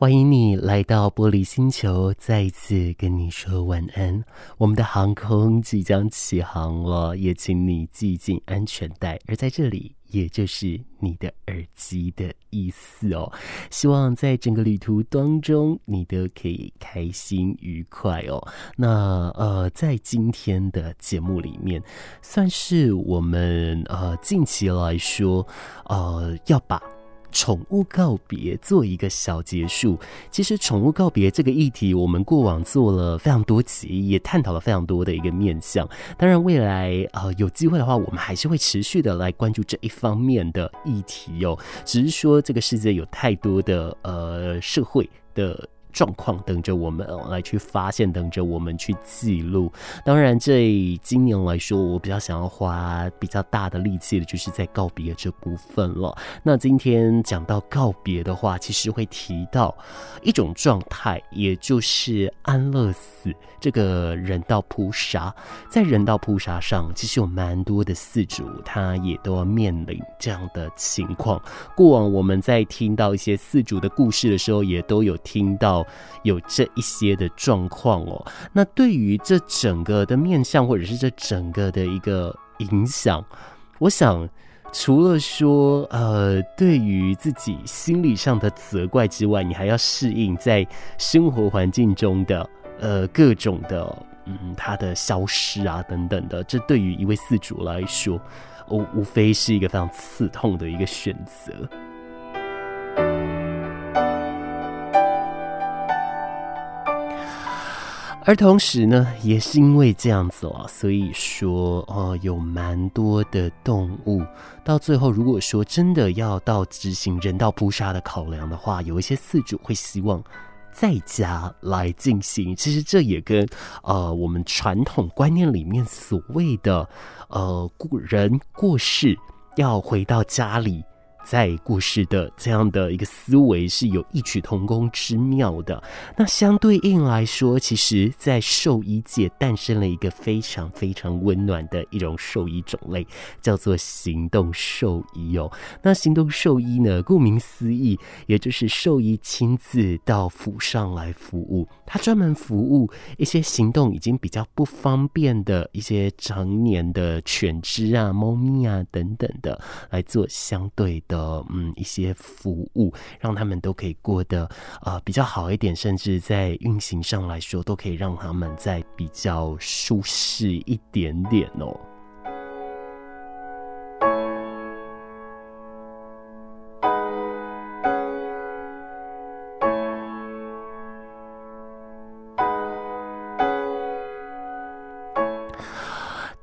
歡迎你來到玻璃星球，再一次跟你說晚安。我們的航空即將起航了，也請你繫緊安全帶，而在這裡，也就是你的耳機的意思哦。希望在整個旅途當中，你都可以開心愉快哦。那呃，在今天的節目裡面，算是我們呃近期來說，呃要把寵物告別做一個小結束。其實寵物告別這個議題，我們過往做了非常多集，也探討了非常多的一個面向。當然，未來呃有機會的話，我們還是會持續的來關注這一方面的議題喲、哦。只是說，這個世界有太多的呃社會的。狀況等着我們來去發現，等着我們去記錄。當然，這一今年來說，我比較想要花比較大的力氣的就是在告別這部分了。那今天講到告別的話，其實會提到一種狀態，也就是安樂死。這個人道撲殺，在人道撲殺上，其實有蠻多的飼主，他也都要面臨這樣的情況。過往我們在聽到一些飼主的故事的時候，也都有聽到，有這一些的狀況哦，那對於這整個的面相，或者是這整個的一個影響，我想除了說，呃，對於自己心理上的責怪之外，你還要適應在生活環境中的，呃，各種的，嗯，它的消失啊等等的，這對於一位飼主來說，無、哦、無非是一個非常刺痛的一個選擇。而同時呢，也是因為這樣子哦、啊，所以說呃有蠻多的動物到最後，如果說真的要到執行人道撲殺的考量的話，有一些飼主會希望在家來進行。其實這也跟呃我們傳統觀念裡面所謂的呃故人過世要回到家裡。在故事的這樣的一個思維是有異曲同工之妙的。那相對應來說，其實，在獸醫界誕生了一個非常非常溫暖的一種獸醫種類，叫做行動獸醫哦。那行動獸醫呢，顧名思義，也就是獸醫親自到府上來服務，他專門服務一些行動已經比較不方便的一些成年的犬只啊、貓咪啊等等的，來做相對的。的嗯，一些服務，讓他們都可以過得呃比較好一點，甚至在運行上來說，都可以讓他們再比較舒適一點點哦。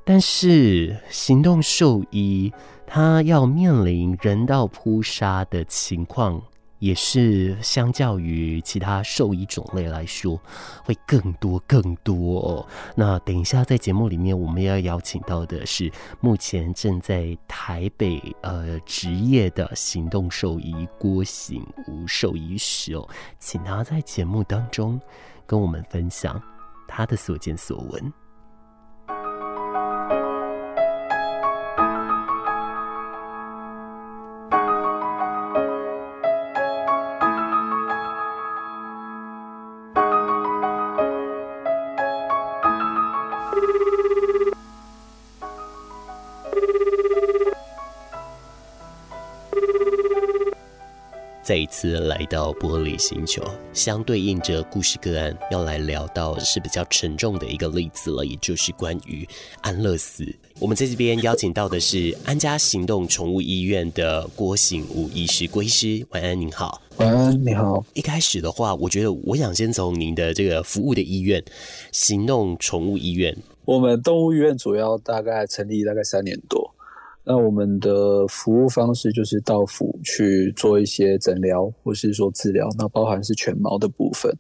但是，行動獸醫他要面臨人道撲殺的情況，也是相較於其他獸醫種類來說，會更多更多哦。那等一下在節目裡面，我們要邀請到的是目前正在台北呃執業的行動獸醫郭省吾獸醫師哦，請他在節目當中跟我們分享他的所見所聞。來到玻璃星球，相對應着故事個案要來聊到是比較沉重的一個例子了，也就是關於安樂死。我們在這邊邀請到的是安家行動寵物醫院的郭省吾醫師，郭醫師，晚安您好，晚安你好。一開始的話，我覺得我想先從您的這個服務的醫院——行動寵物醫院。我們動物醫院主要大概成立大概三年多，那我們的服務方式就是到府去做一些診療，或是說治療，那包含是犬貓的部分。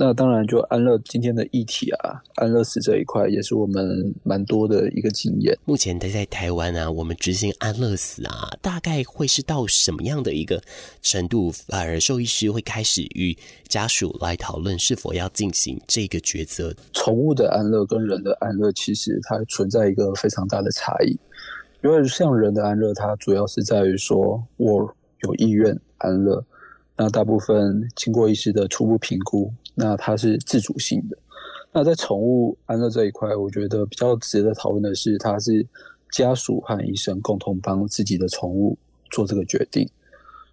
那當然就安樂今天的議題啊，安樂死這一塊也是我們蠻多的一個經驗。目前待在台灣啊，我們執行安樂死啊，大概會是到什麼樣的一個程度？反而獸醫師會開始與家屬來討論是否要進行這個抉擇。寵物的安樂跟人的安樂，其實它存在一個非常大的差異。因為像人的安樂，它主要是在於說，我有意願安樂。那大部分經過醫師的初步評估，那它是自主性的。那在寵物安樂這一塊，我覺得比較值得討論的是，它是家屬和醫生共同幫自己的寵物做這個決定。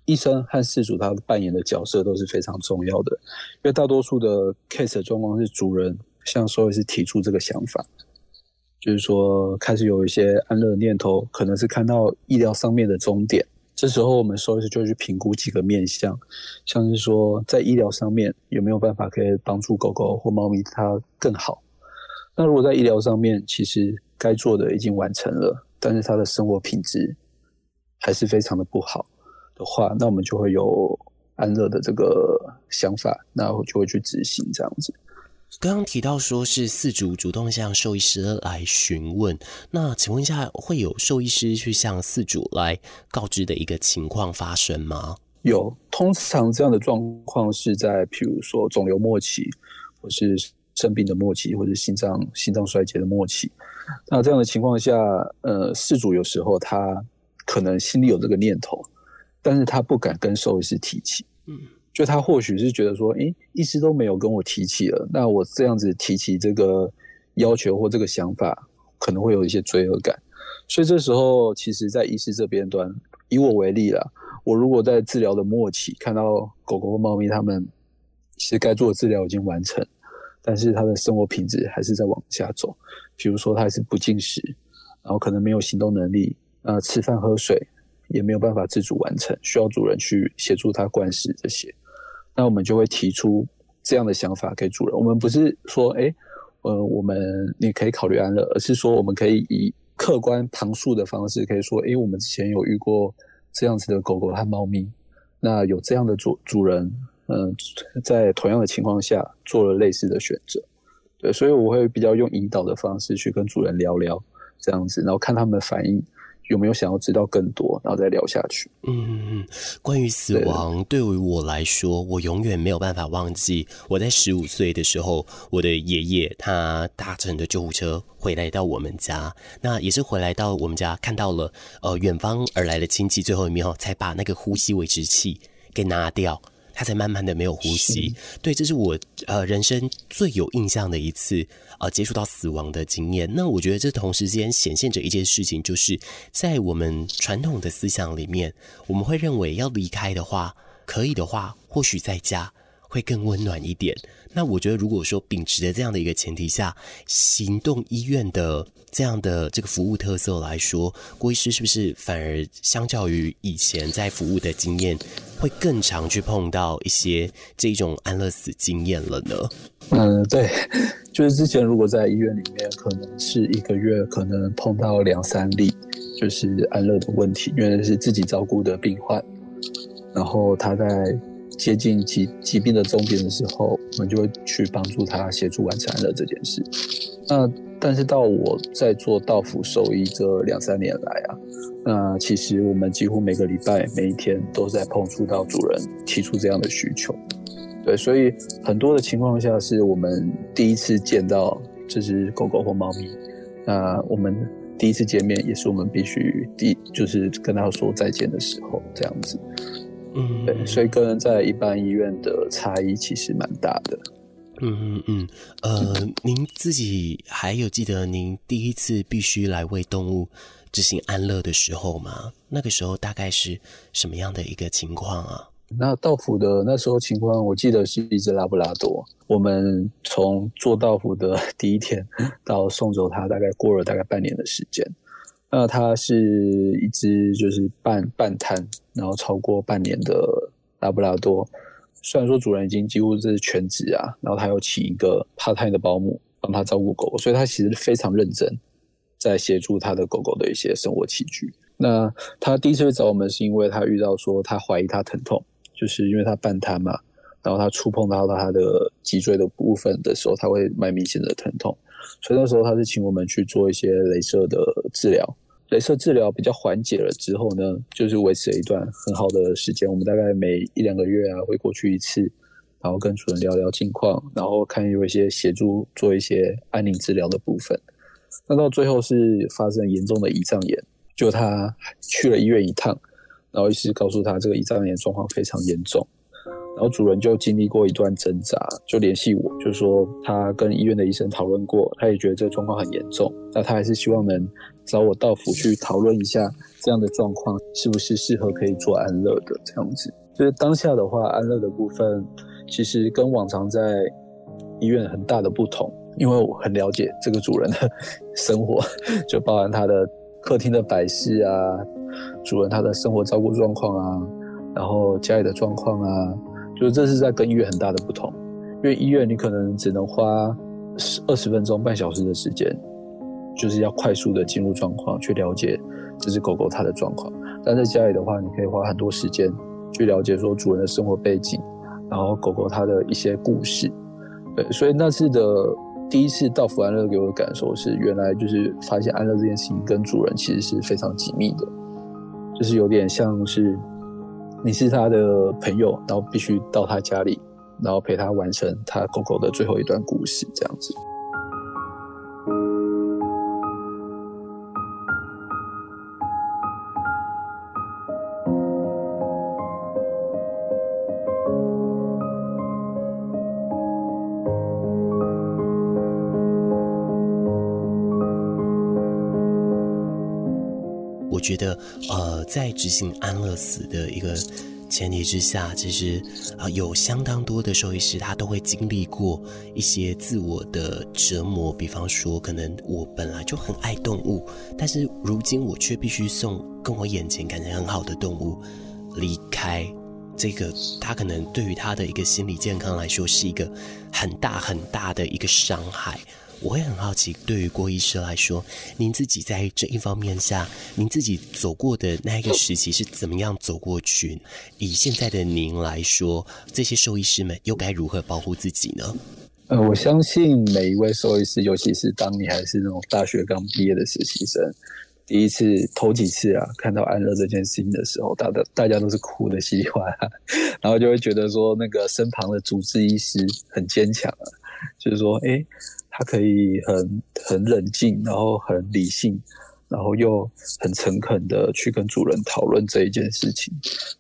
醫生和飼主他扮演的角色都是非常重要的，因為大多數的 case 的狀況是主人向獸醫師提出這個想法。就是說，開始有一些安樂的念頭，可能是看到醫療上面的終點。這時候，我們收一是就去評估幾個面向，像是說，在醫療上面有沒有辦法可以幫助狗狗或貓咪它更好。那如果在醫療上面其實該做的已經完成了，但是它的生活品質還是非常的不好的話，那我們就會有安樂的這個想法，那我就會去執行這樣子。剛剛提到說是飼主主動向獸醫師來詢問，那請問一下會有獸醫師去向飼主來告知的一個情況發生嗎？有，通常這樣的狀況是在譬如說腫瘤末期，或是生病的末期，或是心臟心臟衰竭的末期。那這樣的情況下，呃，飼主有時候他可能心裡有這個念頭，但是他不敢跟獸醫師提起。嗯。就，他或許是覺得說，誒、欸、醫師都沒有跟我提起了,那我這樣子提起這個要求或這個想法，可能會有一些罪惡感。所以這時候，其實在醫師這邊端，以我為例啦，我如果在治療的末期，看到狗狗和貓咪，它們其實該做的治療已經完成，但是它的生活品質還是在往下走。比如說，它還是不進食，然後可能沒有行動能力，呃，吃飯喝水也沒有辦法自主完成，需要主人去協助它灌食這些。那我們就會提出這樣的想法給主人。我們不是說，誒、欸、呃，我們你可以考慮安樂，而是說我們可以以客觀旁述的方式，可以說，誒、欸，我們之前有遇過這樣子的狗狗和貓咪，那有這樣的主主人，嗯、呃，在同樣的情況下做了類似的選擇，對，所以我會比較用引導的方式去跟主人聊聊，這樣子，然後看他們的反應。有沒有想要知道更多，然後再聊下去？嗯，關於死亡，對於對我來說，我永遠沒有辦法忘記。我在十五歲的時候，我的爺爺他搭乘的救護車回來到我們家，那也是回來到我們家看到了呃遠方而來的親戚最後一面後，才把那個呼吸維持器給拿掉，他才慢慢的沒有呼吸，是對，這是我呃人生最有印象的一次呃接觸到死亡的經驗。那我覺得這同時間顯現着一件事情，就是在我們傳統的思想裡面，我們會認為要離開的話，可以的話，或許在家會更溫暖一點。那我覺得，如果說秉持著這樣的一個前提下，行動醫院的這樣的這個服務特色來說，郭醫師是不是反而相較於以前在服務的經驗，會更常去碰到一些這種安樂死經驗了呢？嗯，對，就是之前如果在醫院裡面，可能是一個月可能碰到兩三例，就是安樂的問題，原來是自己照顧的病患，然後他在。接近疾疾病的終點的時候，我們就會去幫助他，協助完成了這件事。那但是到我在做到府獸醫這兩三年來啊，那其實我們幾乎每個禮拜每一天都在碰觸到主人提出這樣的需求。對，所以很多的情況下是我們第一次見到這隻狗狗或貓咪，那我們第一次見面也是我們必須第就是跟他說再見的時候，這樣子。嗯，對，所以跟在一般醫院的差異其實蠻大的。嗯嗯嗯，呃，您自己還有記得您第一次必須來為動物執行安樂的時候嗎？那個時候大概是什麼樣的一個情況啊？那到府的那時候情況，我記得是一隻拉布拉多。我們從做到府的第一天到送走它，大概過了大概半年的時間。那它是一只就是半半癱，然後超過半年的拉布拉多，雖然說主人已經幾乎是全職啊，然後他又請一個 part-time 的保姆幫他照顧狗狗，所以他其實非常認真在協助他的狗狗的一些生活起居。那他第一次會找我們是因為他遇到說他懷疑他疼痛，就是因為他半癱嘛，然後他觸碰到了他的脊椎的部分的時候，他會蠻明顯的疼痛。所以那時候他是請我們去做一些雷射的治療，雷射治療比較緩解了之後呢，就是維持了一段很好的時間。我們大概每一兩個月啊會過去一次，然後跟主人聊聊近況，然後看有一些協助做一些安寧治療的部分。那到最後是發生嚴重的胰臟炎，就他去了醫院一趟，然後醫師告訴他這個胰臟炎狀況非常嚴重。然後主人就經歷過一段掙扎，就聯繫我，就說他跟醫院的醫生討論過，他也覺得這個狀況很嚴重，那他還是希望能找我到府去討論一下這樣的狀況是不是適合可以做安樂的這樣子。就是當下的話，安樂的部分其實跟往常在醫院很大的不同，因為我很了解這個主人的生活，就包含他的客廳的擺設啊，主人他的生活照顧狀況啊，然後家裡的狀況啊。就是，這是在跟醫院很大的不同，因為醫院你可能只能花十二十分鐘、半小時的時間，就是要快速的進入狀況去了解這隻狗狗它的狀況。但在家裡的話，你可以花很多時間去了解說主人的生活背景，然後狗狗它的一些故事。對，所以那次的第一次到府安樂給我的感受是，原來就是發現安樂這件事情跟主人其實是非常緊密的，就是有點像是。你是他的朋友，然後必須到他家裡，然後陪他完成他狗狗的最後一段故事，這樣子。 我覺得啊。Uh 在執行安樂死的一個前提之下，其實啊，有相當多的獸醫師他都會經歷過一些自我的折磨。比方說，可能我本來就很愛動物，但是如今我卻必須送跟我眼前感情很好的動物離開，這個他可能對於他的一個心理健康來說是一個很大很大的一個傷害。我會很好奇，對於郭醫師來說，您自己在這一方面下，您自己走過的那一個時期是怎麼樣走過去？以現在的您來說，這些獸醫師們又該如何保護自己呢？呃，我相信每一位獸醫師，尤其是當你還是那種大學剛畢業的實習生，第一次、頭幾次啊，看到安樂這件事情的時候，大家大家都是哭得稀里嘩啦，然後就會覺得說，那個身旁的主治醫師很堅強啊，就是說，誒。他可以很很冷靜，然後很理性，然後又很誠懇的去跟主人討論這一件事情。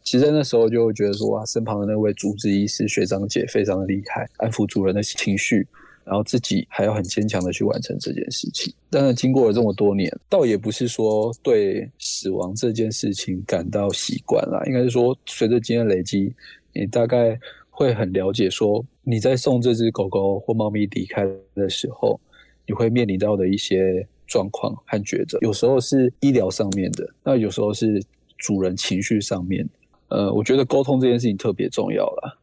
其實在那時候就會覺得說，哇，身旁的那位主治醫師學長姐非常的厲害，安撫主人的情緒，然後自己還要很堅強的去完成這件事情。但是經過了這麼多年，倒也不是說對死亡這件事情感到習慣了，應該是說隨着經驗累積，你大概。會很了解，說你在送這隻狗狗或貓咪離開的時候，你會面臨到的一些狀況和抉擇。有時候是醫療上面的，那有時候是主人情緒上面。呃，我覺得溝通這件事情特別重要啦，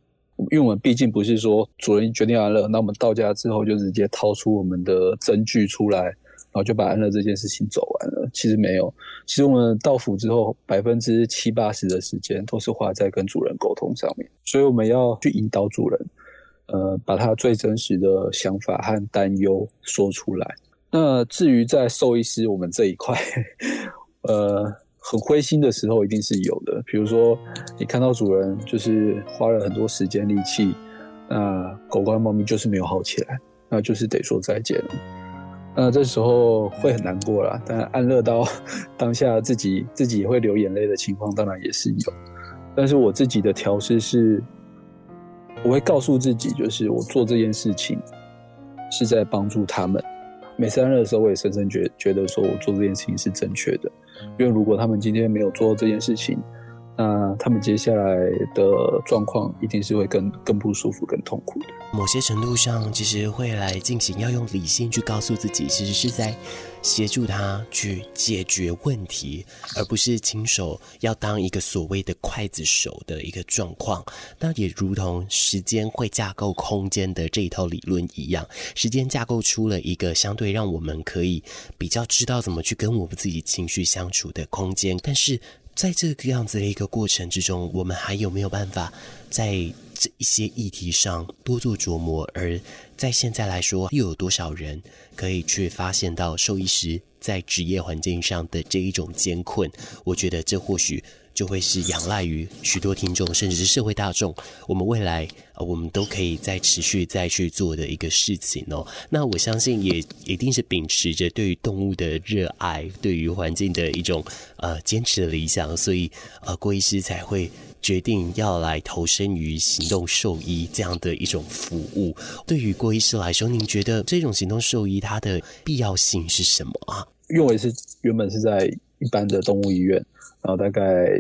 因為我們畢竟不是說主人決定完了，那我們到家之後就直接掏出我們的針具出來。然後就把安樂這件事情走完了。其實沒有，其實我們到府之後，百分之七八十的時間都是花在跟主人溝通上面。所以我們要去引導主人，呃，把他最真實的想法和擔憂說出來。那至於在獸醫師我們這一塊，呵呵，呃，很灰心的時候一定是有的。比如說，你看到主人就是花了很多時間力氣，那狗狗貓咪就是沒有好起來，那就是得說再見了。那這時候會很難過了，但安樂到當下自己自己會流眼淚的情況當然也是有，但是我自己的調適是，我會告訴自己，就是我做這件事情是在幫助他們，每次安樂的時候，我也深深覺得覺得說我做這件事情是正確的，因為如果他們今天沒有做這件事情。那、呃、他們接下來的狀況一定是會更更不舒服，更痛苦的。某些程度上，其實會來進行要用理性去告訴自己，其實是在協助他去解決問題，而不是親手要當一個所謂的劊子手的一個狀況。那也如同時間會架構空間的這一套理論一樣，時間架構出了一個相對讓我們可以比較知道怎麼去跟我們自己情緒相處的空間，但是。在這個樣子的一個過程之中，我們還有沒有辦法在這一些議題上多做琢磨？而在現在來說，又有多少人可以去發現到獸醫師在職業環境上的這一種艱困？我覺得這或許。就會是仰賴於許多聽眾，甚至是社會大眾。我們未來，呃，我們都可以再持續再去做的一個事情哦。那我相信也，也一定是秉持着對於動物的熱愛，對於環境的一種呃堅持的理想，所以呃，郭醫師才會決定要來投身於行動獸醫這樣的一種服務。對於郭醫師來說，您覺得這種行動獸醫它的必要性是什麼啊？因為是原本是在。一般的動物醫院，然後大概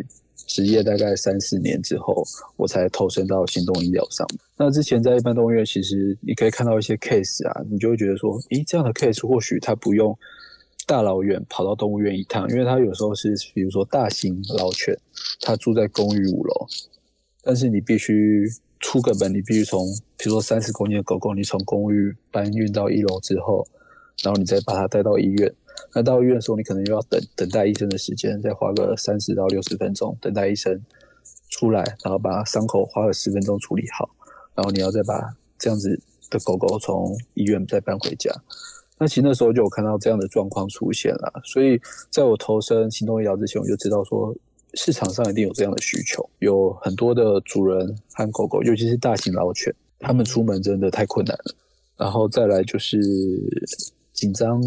職業大概三四年之後，我才投身到行動醫療上。那之前在一般動物醫院，其實你可以看到一些 case 啊，你就會覺得說，誒，這樣的 case 或許他不用大老遠跑到動物醫院一趟，因為他有時候是比如說大型老犬，他住在公寓五樓，但是你必須出個門，你必須從比如說三十公斤的狗狗，你從公寓搬運到一樓之後，然後你再把它帶到醫院。那到醫院的時候，你可能又要等等待醫生的時間，再花個三十到六十分鐘等待醫生出來，然後把傷口花了十分鐘處理好，然後你要再把這樣子的狗狗從醫院再搬回家。那其實那時候就有看到這樣的狀況出現了，所以在我投身行動醫療之前，我就知道說市場上一定有這樣的需求，有很多的主人和狗狗，尤其是大型老犬，他們出門真的太困難了。然後再來就是緊張。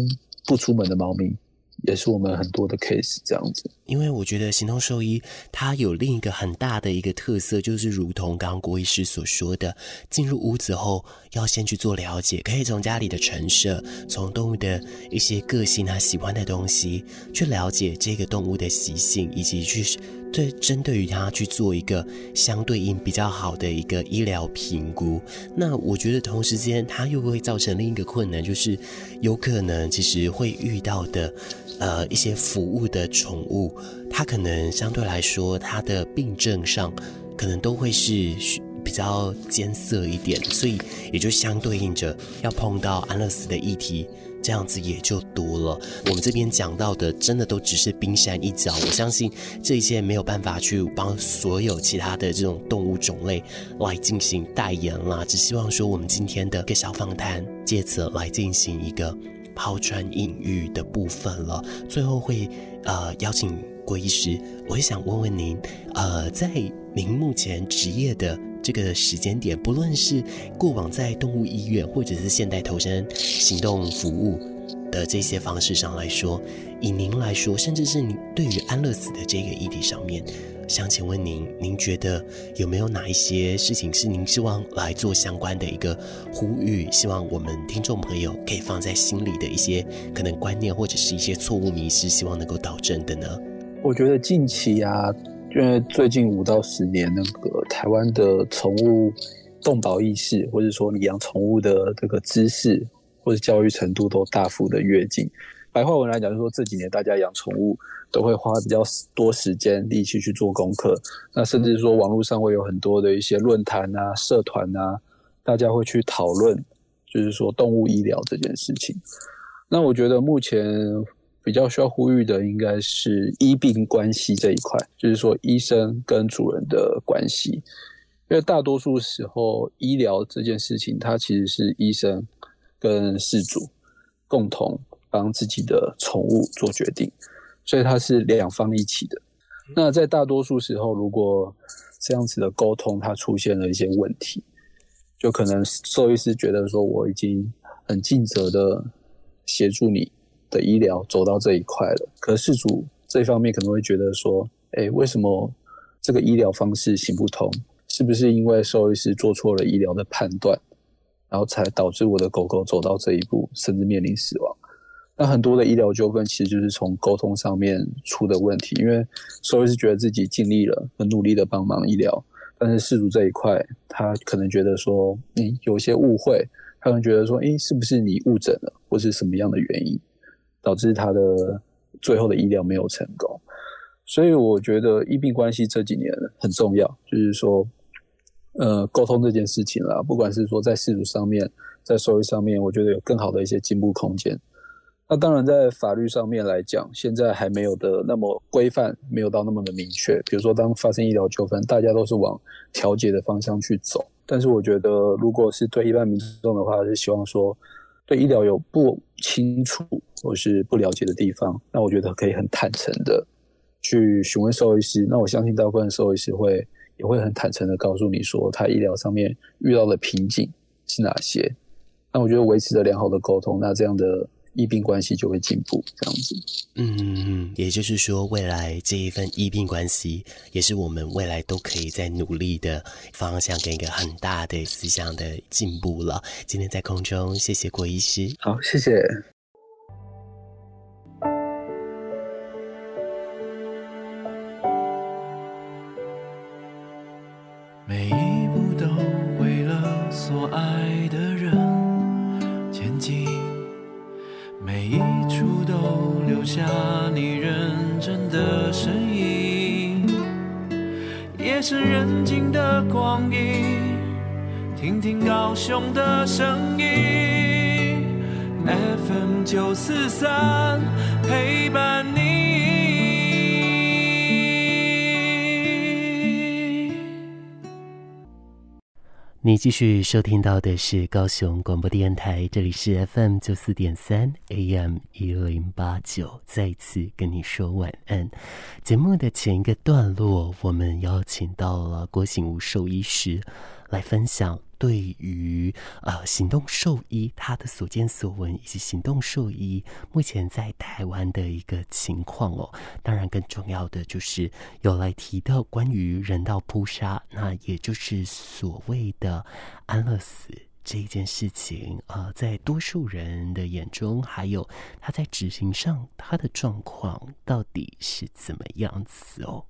不出門的貓咪也是我們很多的 case，這樣子。因為我覺得行動獸醫它有另一個很大的一個特色，就是如同剛剛郭醫師所說的，進入屋子後要先去做了解，可以從家裡的陳設，從動物的一些個性啊、喜歡的東西，去了解這個動物的習性，以及去對針對於它去做一個相對應比較好的一個醫療評估。那我覺得同時間它又會造成另一個困難，就是有可能其實會遇到的，呃，一些服務的寵物。它可能相對來說，它的病症上可能都會是比較艱澀一點，所以也就相對應着要碰到安樂死的議題，這樣子也就多了。我們這邊講到的真的都只是冰山一角，我相信這一切沒有辦法去幫所有其他的這種動物種類來進行代言啦。只希望說我們今天的一個小訪談，借此來進行一個。拋磚引玉的部分了，最後會啊、呃，邀請郭醫師，我也想問問您，呃，在您目前職業的這個時間點，不論是過往在動物醫院，或者是現代投身行動服務的這些方式上來說，以您來說，甚至是您對於安樂死的這個議題上面。想請問您，您覺得有沒有哪一些事情是您希望來做相關的一個呼籲？希望我們聽眾朋友可以放在心裡的一些可能觀念或者是一些錯誤迷思，希望能夠導正的呢？我覺得近期啊，因為最近五到十年，那個台灣的寵物動保意識，或者說你養寵物的這個知識或者教育程度都大幅的躍進。白話文來講，就是說這幾年大家養寵物。都會花比較多時間、力氣去做功課，那甚至說網絡上會有很多的一些論壇啊、社團啊，大家會去討論，就是說動物醫療這件事情。那我覺得目前比較需要呼籲的應該是醫病關係這一塊，就是說醫生跟主人的關係，因為大多數時候醫療這件事情，它其實是醫生跟飼主共同幫自己的寵物做決定。所以它是兩方一起的。那在大多數時候，如果這樣子的溝通它出現了一些問題，就可能獸醫師覺得說我已經很盡責的協助你的醫療走到這一塊了，可是飼主這方面可能會覺得說，哎，為什麼這個醫療方式行不通？是不是因為獸醫師做錯了醫療的判斷，然後才導致我的狗狗走到這一步，甚至面臨死亡？那很多的醫療糾紛其實就是從溝通上面出的問題，因為獸醫是覺得自己盡力了、很努力的幫忙醫療，但是事主這一塊他可能覺得說，嗯，有一些誤會，他可能覺得說，誒、欸，是不是你誤診了，或是什麼樣的原因導致他的最後的醫療沒有成功？所以我覺得醫病關係這幾年很重要，就是說，呃，溝通這件事情啦，不管是說在事主上面，在獸醫上面，我覺得有更好的一些進步空間。那當然，在法律上面來講，現在還沒有的那麼規範，沒有到那麼的明確。比如說，當發生醫療糾紛，大家都是往調解的方向去走。但是，我覺得，如果是對一般民眾的話，是希望說，對醫療有不清楚或是不了解的地方，那我覺得可以很坦誠的去詢問獸醫師。那我相信大部分獸醫師會也會很坦誠的告訴你說，他醫療上面遇到的瓶頸是哪些。那我覺得，維持着良好的溝通，那這樣的。醫病關係就會進步，這樣子。嗯，也就是說，未來這一份醫病關係，也是我們未來都可以再努力的方向，給一個很大的思想的進步了。今天在空中，謝謝郭醫師。好，謝謝。繼續收聽到的是高雄廣播電臺，這裡是 FM 九四點三 AM 一零八九，再次跟你說晚安。節目的前一個段落，我們邀請到了郭省吾獸醫師。來分享對於呃行動獸醫他的所見所聞，以及行動獸醫目前在台灣的一個情況哦。當然，更重要的就是有來提到關於人道撲殺，那也就是所謂的安樂死這一件事情，呃，在多數人的眼中，還有他在執行上他的狀況到底是怎麼樣子哦。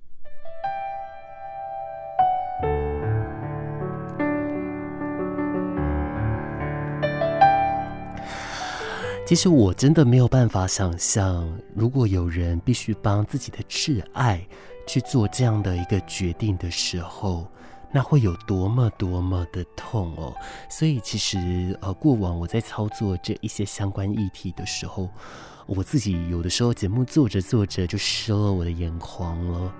其實我真的沒有辦法想象，如果有人必須幫自己的摯愛去做這樣的一個決定的時候，那會有多麼多麼的痛哦。所以其實呃，過往我在操作這一些相關議題的時候，我自己有的時候節目做着做着就濕了我的眼眶了。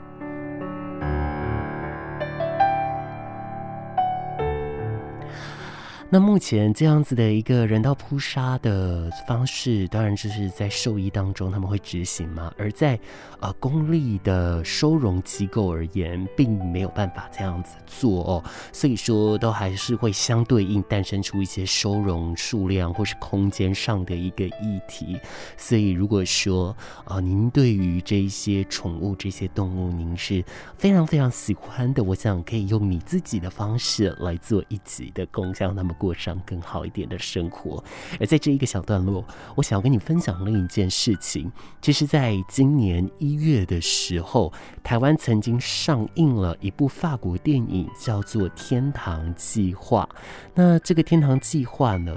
那目前這樣子的一個人道撲殺的方式，當然就是在獸醫當中他們會執行嘛，而在呃公立的收容機構而言，並沒有辦法這樣子做哦，所以說都還是會相對應誕生出一些收容數量或是空間上的一個議題。所以如果說啊、呃、您對於這一些寵物這些動物您是非常非常喜歡的，我想可以用你自己的方式來做一己的貢獻，那他們。過上更好一點的生活，而在這一個小段落，我想要跟你分享另一件事情。其實，在今年一月的時候，台灣曾經上映了一部法國電影，叫做《天堂計劃》。那這個《天堂計劃》呢？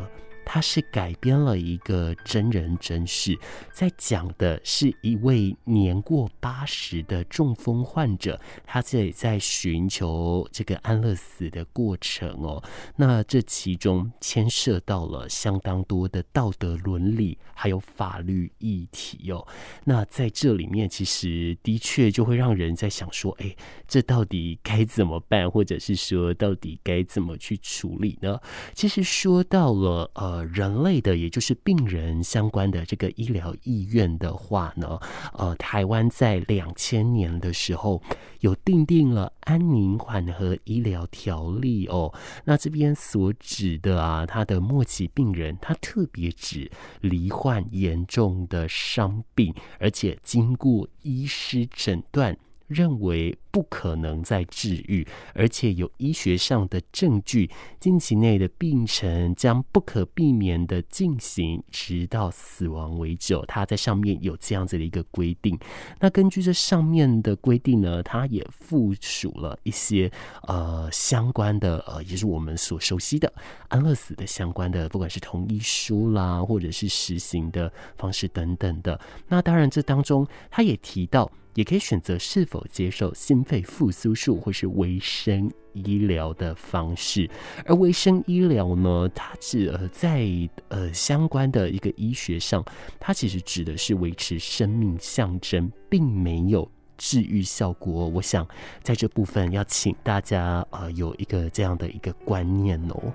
他是改編了一個真人真事，在講的是一位年過八十的中風患者，他在在尋求這個安樂死的過程哦、喔。那這其中牽涉到了相當多的道德倫理還有法律議題哦、喔。那在這裡面，其實的確就會讓人在想說，哎、欸，這到底該怎麼辦，或者是說到底該怎麼去處理呢？其實說到了呃。人類的，也就是病人相關的這個醫療意願的話呢，呃，台灣在兩千年的時候有訂定了安寧緩和醫療條例哦。那這邊所指的啊，他的末期病人，他特別指罹患嚴重的傷病，而且經過醫師診斷。認為不可能再治癒，而且有醫學上的證據，近期內的病程將不可避免地進行，直到死亡為止。他在上面有這樣子的一個規定。那根據這上面的規定呢，他也附屬了一些呃相關的呃，也是我們所熟悉的安樂死的相關的，不管是同意書啦，或者是實行的方式等等的。那當然，這當中他也提到。也可以選擇是否接受心肺復甦術或是維生醫療的方式，而維生醫療呢，它只呃在呃相關的一個醫學上，它其實指的是維持生命象徵，並沒有治癒效果。我想在這部分要請大家呃有一個這樣的一個觀念哦。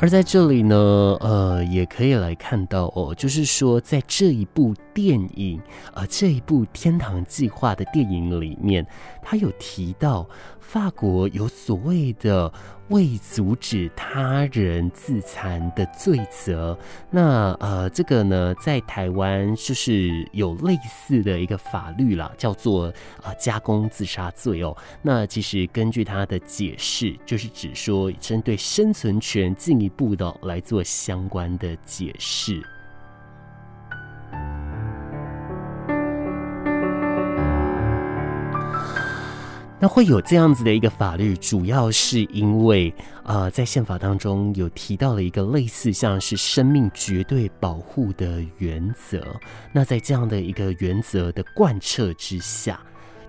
而在這裡呢，呃，也可以來看到哦，就是說，在這一部電影，呃，這一部《天堂計劃》的電影裡面，他有提到。法國有所謂的未阻止他人自殘的罪責，那呃，這個呢，在台灣就是有類似的一個法律啦，叫做啊、呃、加工自殺罪哦。那其實根據他的解釋，就是指說針對生存權進一步的來做相關的解釋。那會有這樣子的一個法律，主要是因為，啊，在憲法當中有提到了一個類似像是生命絕對保護的原則。那在這樣的一個原則的貫徹之下，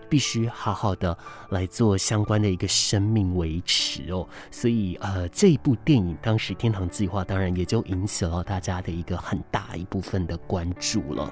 必須好好的來做相關的一個生命維持哦。所以，呃，這部電影當時《天堂計劃》當然也就引起了大家的一個很大一部分的關注了。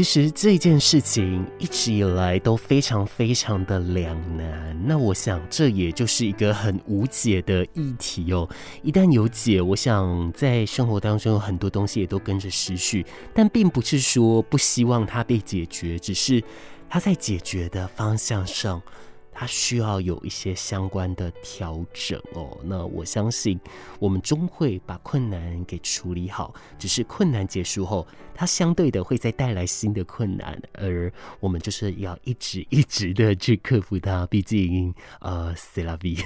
其實這件事情一直以來都非常非常的兩難，那我想這也就是一個很無解的議題哦。一旦有解，我想在生活當中有很多東西也都跟着失去，但並不是說不希望它被解決，只是它在解決的方向上。它需要有一些相關的調整哦。那我相信，我們終會把困難給處理好。只是困難結束後，它相對的會再帶來新的困難，而我們就是要一直一直的去克服它。畢竟，呃，C'est la vie，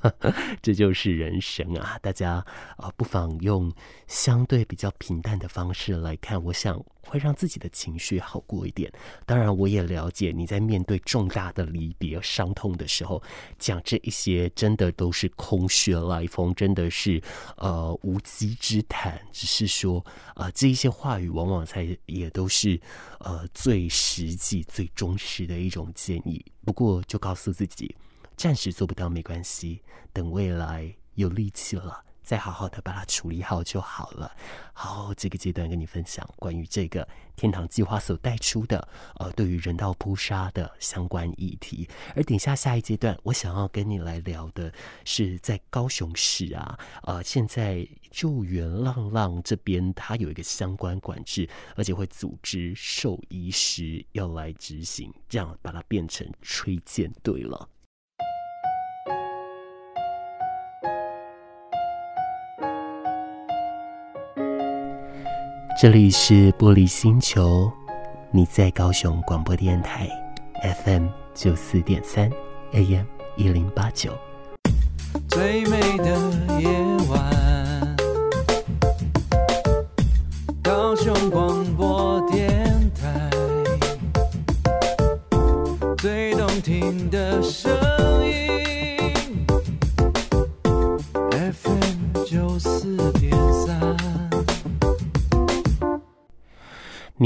這就是人生啊！大家啊、呃、不妨用相對比較平淡的方式來看。我想，會讓自己的情緒好過一點。當然，我也了解你在面對重大的離別、傷痛的時候，講這一些真的都是空穴來風，真的是呃無稽之談。只是說啊、呃，這一些話語往往才也都是呃最實際、最忠實的一種建議。不過，就告訴自己，暫時做不到沒關係，等未來有力氣了。再好好的把它處理好就好了。好，這個階段跟你分享關於這個天堂計劃所帶出的呃，對於人道撲殺的相關議題。而等下下一階段，我想要跟你來聊的是在高雄市啊，呃，現在救援浪浪這邊，它有一個相關管制，而且會組織獸醫師要來執行，這樣把它變成吹箭隊了。這裡是玻璃星球，你在高雄廣播電台，FM 九四點三，AM 一零八九。最美的夜晚，高雄廣播電台，最動聽的聲音。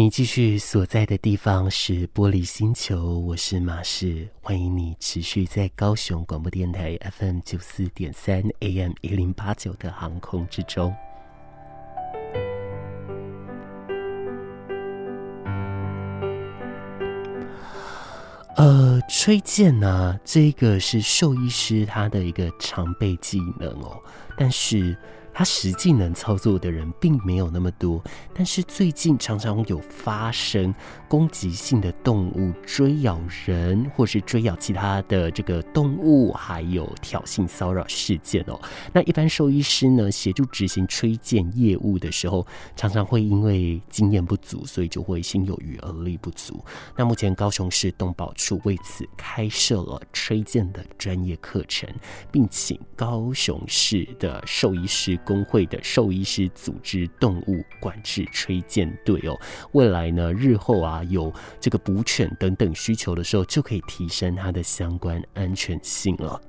你繼續所在的地方是玻璃星球，我是馬士，歡迎你持續在高雄廣播電台 FM 九四點三 AM 一零八九的航空之中。呃，吹箭呢？這個是獸醫師他的一個常備技能哦，但是。他實際能操作的人並沒有那麼多，但是最近常常有發生攻擊性的動物追咬人，或是追咬其他的這個動物，還有挑釁騷擾事件哦。那一般獸醫師呢，協助執行吹箭業務的時候，常常會因為經驗不足，所以就會心有餘而力不足。那目前高雄市動保處為此開設了吹箭的專業課程，並請高雄市的獸醫師公會的獸醫師組織動物管制吹箭隊，哦，未來呢，日後啊有這個捕犬等等需求的時候，就可以提升它的相關安全性了。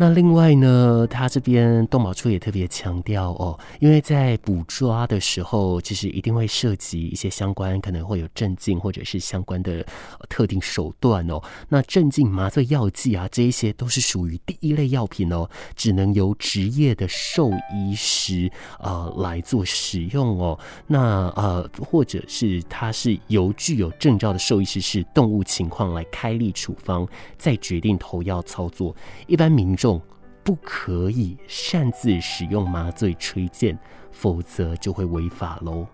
那另外呢，他這邊動保處也特別強調哦，因為在捕捉的時候，其實一定會涉及一些相關，可能會有鎮靜或者是相關的特定手段哦。那鎮靜麻醉藥劑啊，這一些都是屬於第一類藥品哦，只能由執業的獸醫師啊、呃、來做使用哦。那呃，或者是他是由具有證照的獸醫師視動物情況來開立處方，再決定投藥操作。一般民眾。不可以擅自使用麻醉吹箭，否則就會違法嘍。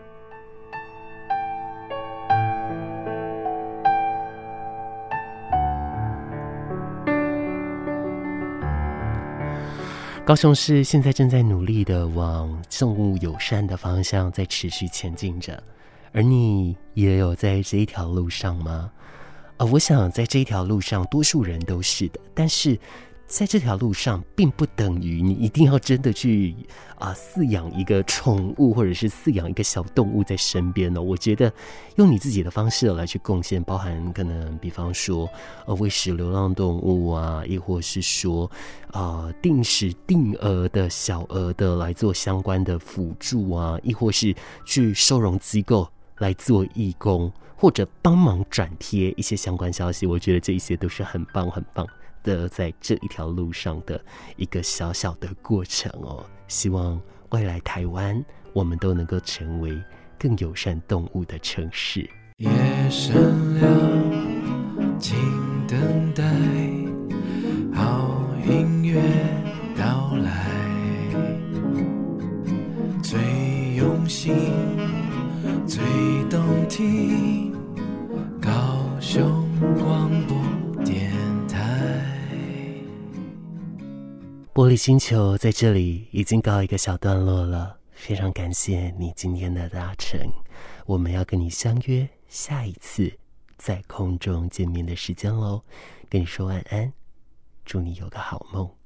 高雄市現在正在努力的往動物友善的方向在持續前進着，而你也有在這一條路上嗎？啊、呃，我想在這條路上多數人都是的，但是。在這條路上，並不等於你一定要真的去啊、呃、飼養一個寵物，或者是飼養一個小動物在身邊哦。我覺得用你自己的方式來去貢獻，包含可能比方說呃餵食流浪動物啊，亦或是說啊、呃、定時定額的小額的來做相關的輔助啊，亦或是去收容機構來做義工，或者幫忙轉貼一些相關消息。我覺得這一些都是很棒，很棒，的在這一條路上的一個小小的過程哦，希望未來台灣我們都能夠成為更友善動物的城市。夜深了，請等待好音樂到來，最用心、最動聽，高雄廣播。玻璃星球在這裡已經告一個小段落了，非常感謝你今天的搭乘，我們要跟你相約下一次在空中見面的時間嘍，跟你說晚安，安，祝你有個好夢。